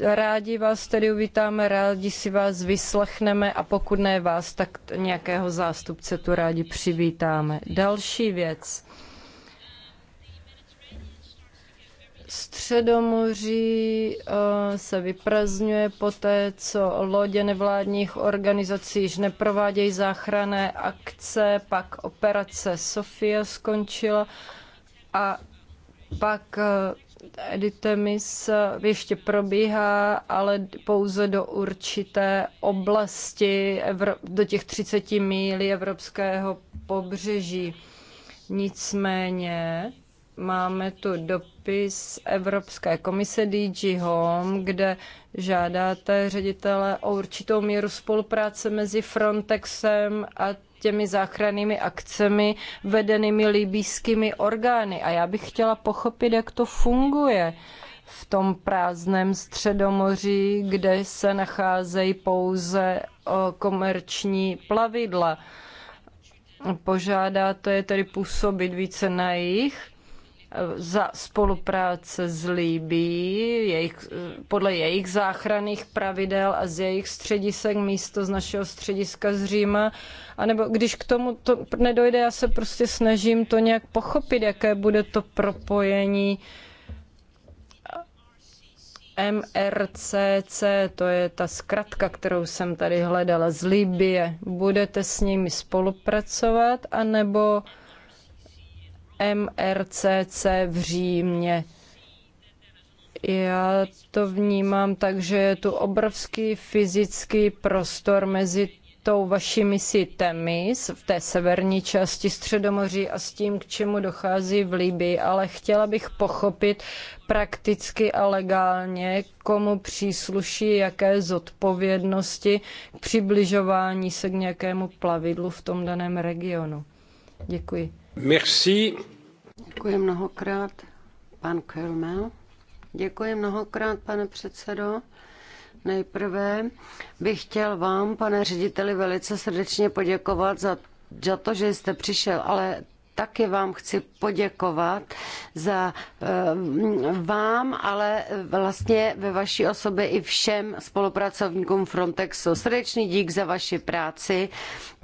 S3: Rádi vás tedy uvítáme, rádi si vás vyslechneme a pokud ne vás, tak nějakého zástupce tu rádi přivítáme. Další věc Středomoří eh, se vyprazňuje poté, co lodě nevládních organizací již neprovádějí záchranné akce, pak operace Sofia skončila a pak eh, Editemis ještě probíhá, ale pouze do určité oblasti, do těch 30 míl evropského pobřeží. Nicméně máme tu dopis Evropské komise DG Home, kde žádáte ředitele o určitou míru spolupráce mezi Frontexem a těmi záchrannými akcemi vedenými libýskými orgány. A já bych chtěla pochopit, jak to funguje v tom prázdném středomoří, kde se nacházejí pouze komerční plavidla. Požádáte je tedy působit více na jich za spolupráce s Líbí, jejich, podle jejich záchranných pravidel a z jejich středisek místo z našeho střediska z Říma. A nebo když k tomu to nedojde, já se prostě snažím to nějak pochopit, jaké bude to propojení MRCC, to je ta zkratka, kterou jsem tady hledala z Libie. Budete s nimi spolupracovat, anebo nebo MRCC v Římě. Já to vnímám tak, že je tu obrovský fyzický prostor mezi tou vaší misí Temis v té severní části Středomoří a s tím, k čemu dochází v Libii, ale chtěla bych pochopit prakticky a legálně, komu přísluší jaké zodpovědnosti k přibližování se k nějakému plavidlu v tom daném regionu. Děkuji.
S2: Merci. Děkuji mnohokrát, pan Kölmel. Děkuji mnohokrát, pane předsedo. Nejprve bych chtěl vám, pane řediteli, velice srdečně poděkovat za za to, že jste přišel, ale taky vám chci poděkovat za eh, vám, ale vlastně ve vaší osobě i všem spolupracovníkům Frontexu. Srdečný dík za vaši práci.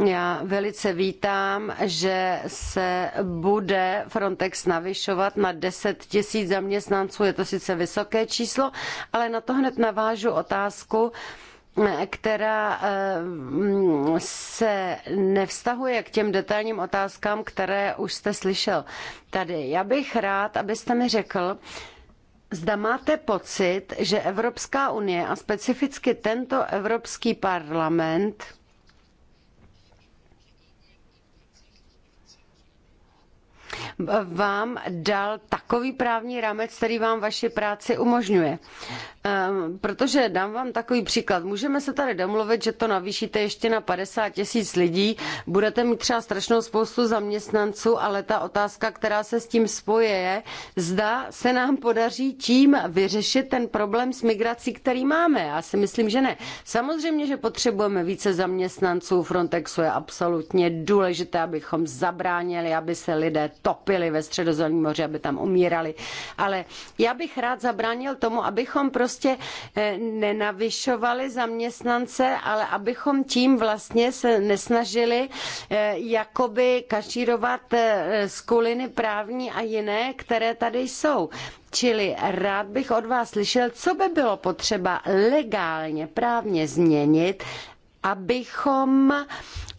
S2: Já velice vítám, že se bude Frontex navyšovat na 10 tisíc zaměstnanců. Je to sice vysoké číslo, ale na to hned navážu otázku, která eh, se nevztahuje k těm detailním otázkám, které už jste slyšel tady. Já bych rád, abyste mi řekl, Zda máte pocit, že Evropská unie a specificky tento Evropský parlament vám dal takový právní rámec, který vám vaši práci umožňuje. Ehm, protože dám vám takový příklad. Můžeme se tady domluvit, že to navýšíte ještě na 50 tisíc lidí, budete mít třeba strašnou spoustu zaměstnanců, ale ta otázka, která se s tím spoje, je, zda se nám podaří tím vyřešit ten problém s migrací, který máme. Já si myslím, že ne. Samozřejmě, že potřebujeme více zaměstnanců. Frontexu je absolutně důležité, abychom zabránili, aby se lidé topili ve středozemním moři, aby tam umírali. Ale já bych rád zabránil tomu, abychom prostě eh, nenavyšovali zaměstnance, ale abychom tím vlastně se nesnažili eh, jakoby kašírovat skuliny eh, právní a jiné, které tady jsou. Čili rád bych od vás slyšel, co by bylo potřeba legálně, právně změnit, abychom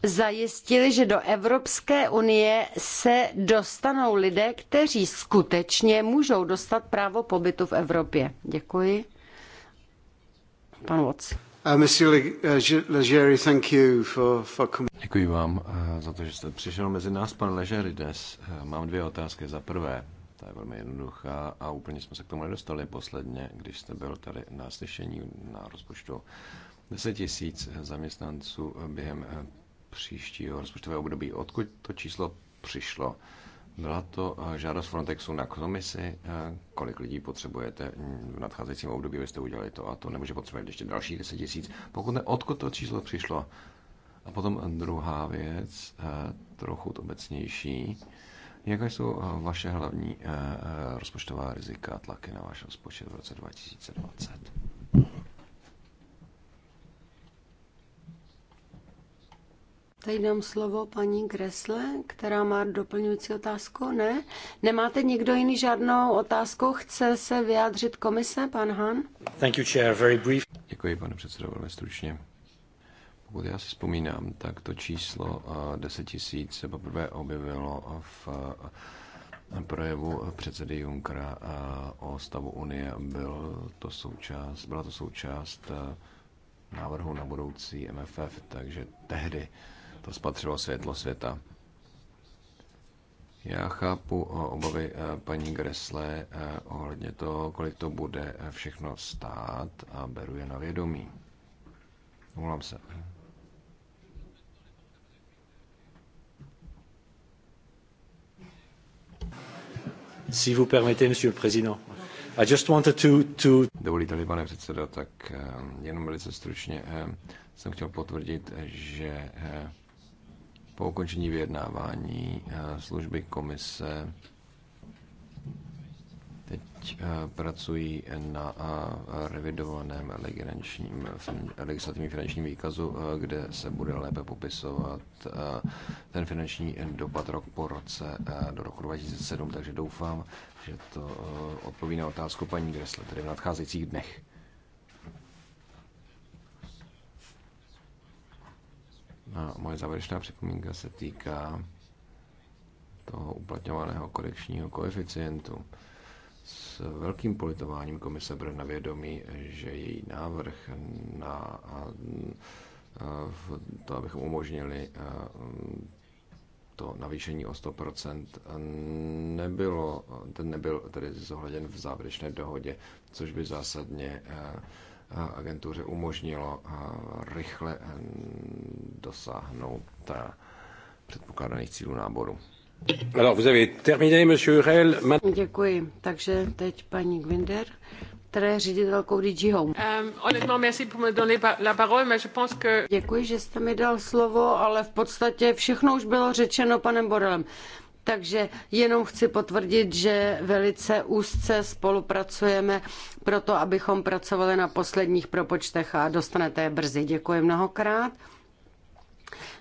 S2: zajistili, že do Evropské unie se dostanou lidé, kteří skutečně můžou dostat právo pobytu v Evropě. Děkuji. Pan Watts. Děkuji
S1: vám uh, za to, že jste přišel mezi nás, pan Ležery, dnes. Uh, mám dvě otázky. Za prvé, ta je velmi jednoduchá a úplně jsme se k tomu nedostali posledně, když jste byl tady na slyšení na rozpočtu 10 tisíc zaměstnanců během eh, příštího rozpočtového období. Odkud to číslo přišlo? Byla to eh, žádost Frontexu na komisi, eh, kolik lidí potřebujete v nadcházejícím období, vy udělali to a to, nebo že potřebujete ještě další 10 tisíc. Pokud ne, odkud to číslo přišlo? A potom druhá věc, trochu obecnější. Jaké jsou vaše hlavní rozpočtová rizika tlaky na váš rozpočet v roce 2020?
S2: Tady dám slovo paní Gresle, která má doplňující otázku. Ne? Nemáte nikdo jiný žádnou otázku? Chce se vyjádřit komise, pan Han?
S1: Thank you, chair. Very brief. Děkuji, pane předsedo, velmi stručně. Pokud já si vzpomínám, tak to číslo 10 eh, tisíc se poprvé objevilo v eh, projevu předsedy Junckera eh, o stavu Unie. Byl to součást, byla to součást návrhu na budoucí MFF, takže tehdy to spatřilo světlo světa. Já chápu eh, obavy eh, paní Gresle eh, ohledně toho, kolik to bude všechno stát a beru je na vědomí. Volám se. Si vous permettez, monsieur le président. I just wanted to, to... Dovolíte-li, pane předsedo, tak jenom velice stručně jsem chtěl potvrdit, že po ukončení vyjednávání eh, služby komise teď eh, pracují na eh, revidovaném legislativním finančním výkazu, kde se bude lépe popisovat ten finanční dopad rok po roce do roku 2007, takže doufám, že to odpoví na otázku paní Gressle, tedy v nadcházejících dnech. A moje závěrečná připomínka se týká toho uplatňovaného korekčního koeficientu. S velkým politováním komise bere na vědomí, že její návrh na to, abychom umožnili to navýšení o 100% nebylo, ten nebyl tedy zohleděn v závěrečné dohodě, což by zásadně agentuře umožnilo rychle eh, dosáhnout eh, předpokládaných cílů náboru.
S2: Děkuji. Takže teď paní Gwinder, která je ředitelkou DG Home. Děkuji, že jste mi dal slovo, ale v podstatě všechno už bylo řečeno panem Borelem. Takže jenom chci potvrdit, že velice úzce spolupracujeme pro to, abychom pracovali na posledních propočtech a dostanete je brzy. Děkuji mnohokrát.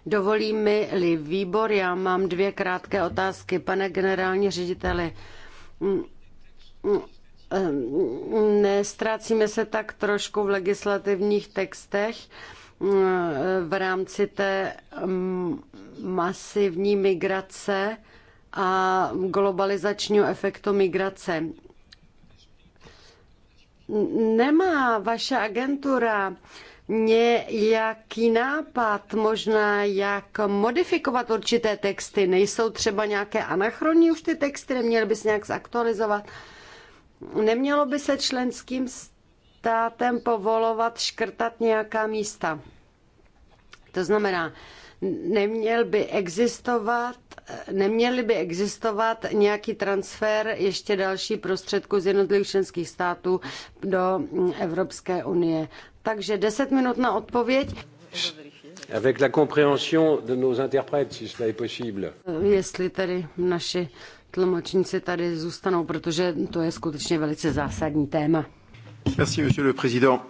S2: Dovolí mi-li výbor, já mám dvě krátké otázky. Pane generální řediteli, mm, mm, mm, nestrácíme se tak trošku v legislativních textech v rámci té masivní migrace, a globalizačního efektu migrace. Nemá vaše agentura nějaký nápad, možná jak modifikovat určité texty? Nejsou třeba nějaké anachronní už ty texty, neměly by se nějak zaktualizovat? Nemělo by se členským státem povolovat škrtat nějaká místa? To znamená, neměl by existovat, neměly by existovat nějaký transfer ještě další prostředků z jednotlivých členských států do Evropské unie. Takže 10 minut na odpověď.
S1: Avec la compréhension de nos interprètes, si cela est possible.
S2: Jestli tedy naši tlumočníci tady zůstanou, protože to je skutečně velice zásadní téma.
S1: Merci, monsieur le président.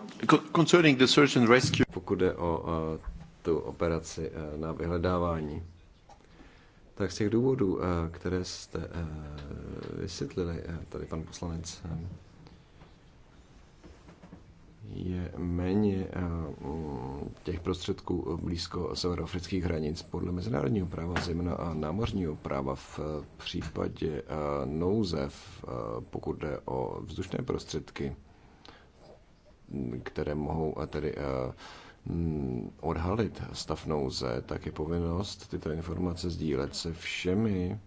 S1: Concerning the search and rescue. Pokud jde o uh tu operaci eh, na vyhledávání. Tak z těch důvodů, eh, které jste eh, vysvětlili, tady pan poslanec, je méně mm, těch prostředků blízko severoafrických hranic podle mezinárodního práva, zejména a námořního práva v případě nouze, pokud jde o vzdušné prostředky, které mohou tedy Mm, odhalit stav nouze, tak je povinnost tyto informace sdílet se všemi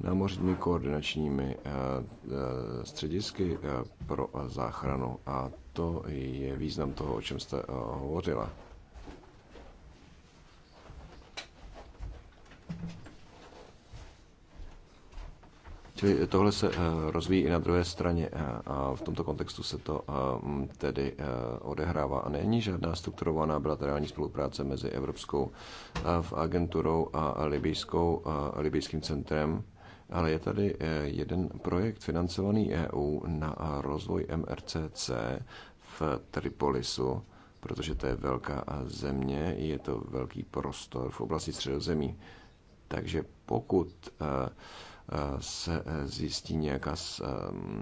S1: námořními koordinačními eh, eh, středisky eh, pro záchranu. A to je význam toho, o čem jste hovořila. Čili tohle se eh, rozvíjí i na druhé straně eh, a v tomto kontextu se to eh, tedy odehrává a není žádná strukturovaná bilaterální spolupráce mezi Evropskou agenturou a libijskou, libijským centrem, ale je tady jeden projekt financovaný EU na rozvoj MRCC v Tripolisu, protože to je velká země, je to velký prostor v oblasti středozemí. Takže pokud uh, se eh, zjistí nějaká, eh,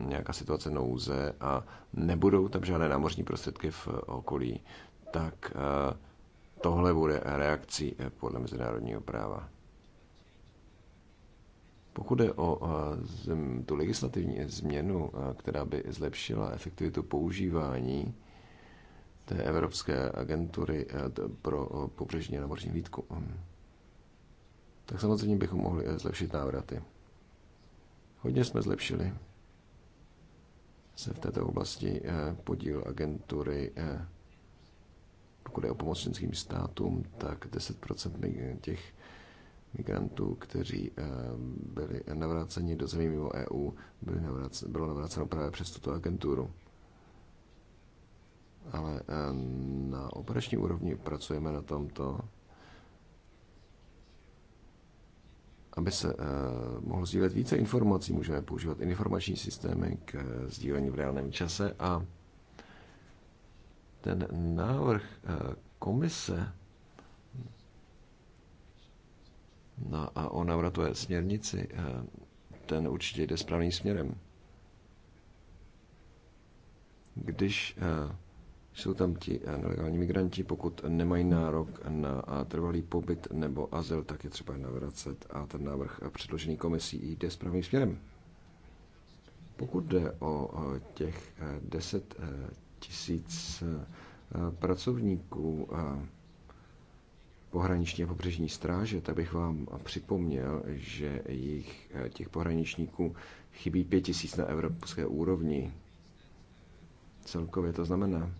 S1: nějaká situace nouze a nebudou tam žádné námořní prostředky v eh, okolí, tak tohle bude reakcí podle mezinárodního práva. Pokud je o tu legislativní změnu, která by zlepšila efektivitu používání té Evropské agentury pro pobřežní námořní výtku, hm, tak samozřejmě bychom mohli zlepšit návraty. Hodně jsme zlepšili se v této oblasti eh, podíl agentury, eh, pokud je o pomocnickým státům, tak 10% těch migrantů, kteří eh, byli navráceni do zemí mimo EU, byli navrácen, bylo navráceno právě přes tuto agenturu. Ale na operační úrovni pracujeme na tomto aby se eh, mohlo sdílet více informací, můžeme používat informační systémy k eh, sdílení v reálném čase a ten návrh eh, komise na, a o návratové směrnici, ten určitě jde správným směrem. Když jsou tam ti eh, nelegální migranti, pokud nemají nárok na eh, trvalý pobyt nebo azyl, tak je třeba navracet a ten návrh eh, předložený komisí jde správným směrem. Pokud jde o těch 10 tisíc pracovníků pohraniční a pobřežní stráže, tak bych vám připomněl, že jich, těch pohraničníků chybí 5 tisíc na evropské úrovni. Celkově to znamená,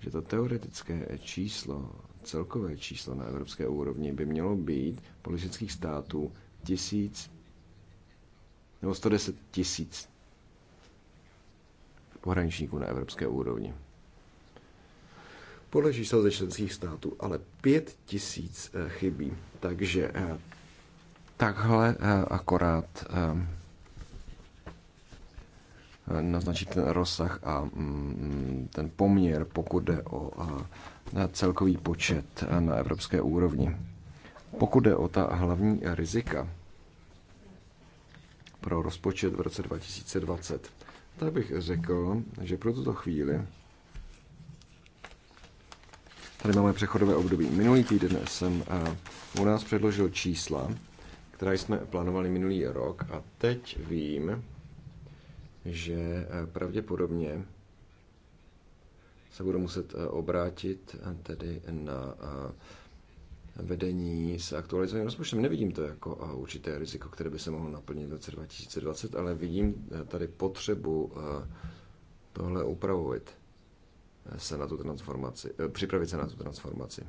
S1: že to teoretické číslo, celkové číslo na evropské úrovni by mělo být politických států tisíc nebo 110 tisíc pohraničníků na evropské úrovni. Podle čísel ze členských států ale 5 tisíc eh, chybí, takže eh, takhle eh, akorát naznačit ten rozsah a mm, ten poměr, pokud jde o celkový počet na evropské úrovni. Pokud jde o ta hlavní rizika pro rozpočet v roce 2020, tak bych řekl, že pro tuto chvíli tady máme přechodové období. Minulý týden jsem u nás předložil čísla, která jsme plánovali minulý rok a teď vím, že eh, pravděpodobně se budu muset eh, obrátit eh, tedy na vedení s aktualizovaným rozpočtem. Nevidím to jako určité riziko, které by se mohlo naplnit v roce 2020, ale vidím tady potřebu tohle upravovat se na tu transformaci, připravit se na tu transformaci.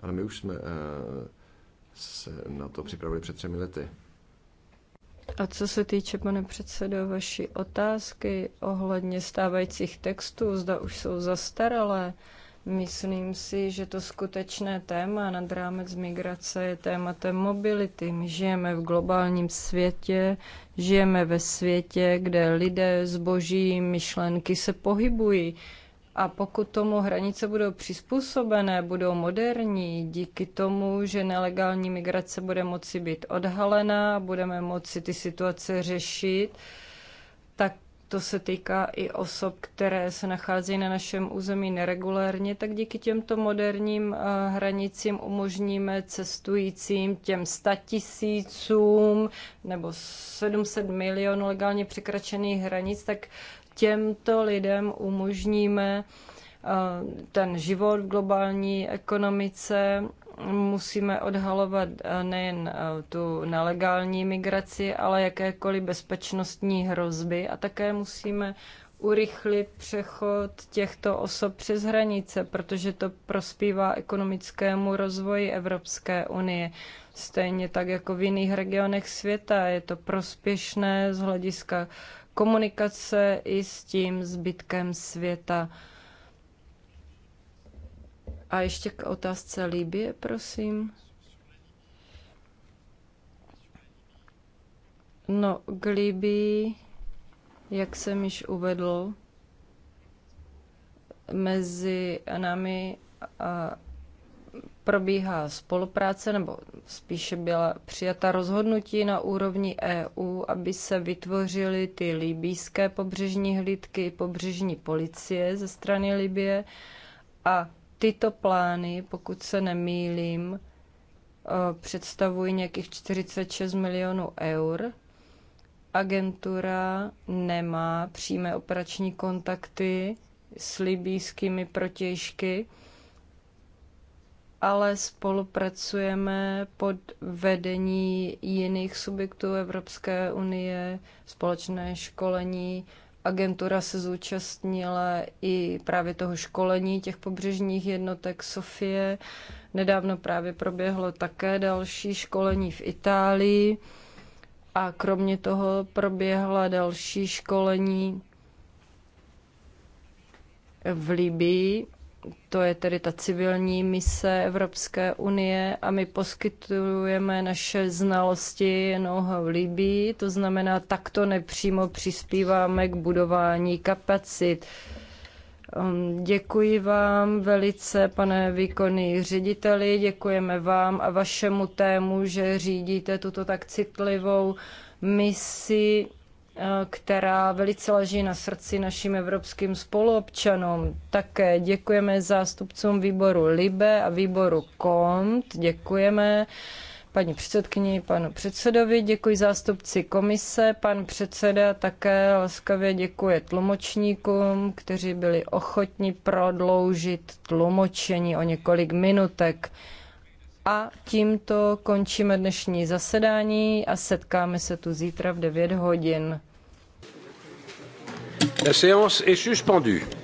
S1: Ale my už jsme se na to připravili před třemi lety.
S3: A co se týče, pane předsedo, vaší otázky ohledně stávajících textů, zda už jsou zastaralé, myslím si, že to skutečné téma nad rámec migrace je tématem mobility. My žijeme v globálním světě, žijeme ve světě, kde lidé, zboží, myšlenky se pohybují. A pokud tomu hranice budou přizpůsobené, budou moderní, díky tomu, že nelegální migrace bude moci být odhalená, budeme moci ty situace řešit, tak to se týká i osob, které se nacházejí na našem území neregulérně, tak díky těmto moderním eh, hranicím umožníme cestujícím těm statisícům nebo 700 milionů legálně překračených hranic, tak těmto lidem umožníme eh, ten život v globální ekonomice. Musíme odhalovat eh, nejen eh, tu nelegální migraci, ale jakékoliv bezpečnostní hrozby a také musíme urychlit přechod těchto osob přes hranice, protože to prospívá ekonomickému rozvoji Evropské unie. Stejně tak jako v jiných regionech světa je to prospěšné z hlediska komunikace i s tím zbytkem světa. A ještě k otázce Libie, prosím. No, k Libii, jak jsem již uvedl, mezi námi a probíhá spolupráce, nebo spíše byla přijata rozhodnutí na úrovni EU, aby se vytvořily ty libýské pobřežní hlídky, pobřežní policie ze strany Libie. A tyto plány, pokud se nemýlím, eh, představují nějakých 46 milionů eur. Agentura nemá přímé operační kontakty s libýskými protějšky ale spolupracujeme pod vedení jiných subjektů Evropské unie, společné školení. Agentura se zúčastnila i právě toho školení těch pobřežních jednotek Sofie. Nedávno právě proběhlo také další školení v Itálii a kromě toho proběhla další školení v Libii to je tedy ta civilní mise Evropské unie a my poskytujeme naše znalosti jenom v Libii, to znamená, takto nepřímo přispíváme k budování kapacit. Um, děkuji vám velice, pane výkonný řediteli, děkujeme vám a vašemu tému, že řídíte tuto tak citlivou misi Eh, která velice leží na srdci našim evropským spoluobčanům. Také děkujeme zástupcům výboru LIBE a výboru KONT. Děkujeme paní předsedkyni, panu předsedovi, děkuji zástupci komise, pan předseda také laskavě děkuje tlumočníkům, kteří byli ochotni prodloužit tlumočení o několik minutek. A tímto končíme dnešní zasedání a setkáme se tu zítra v 9 hodin.
S1: La séance est suspendue.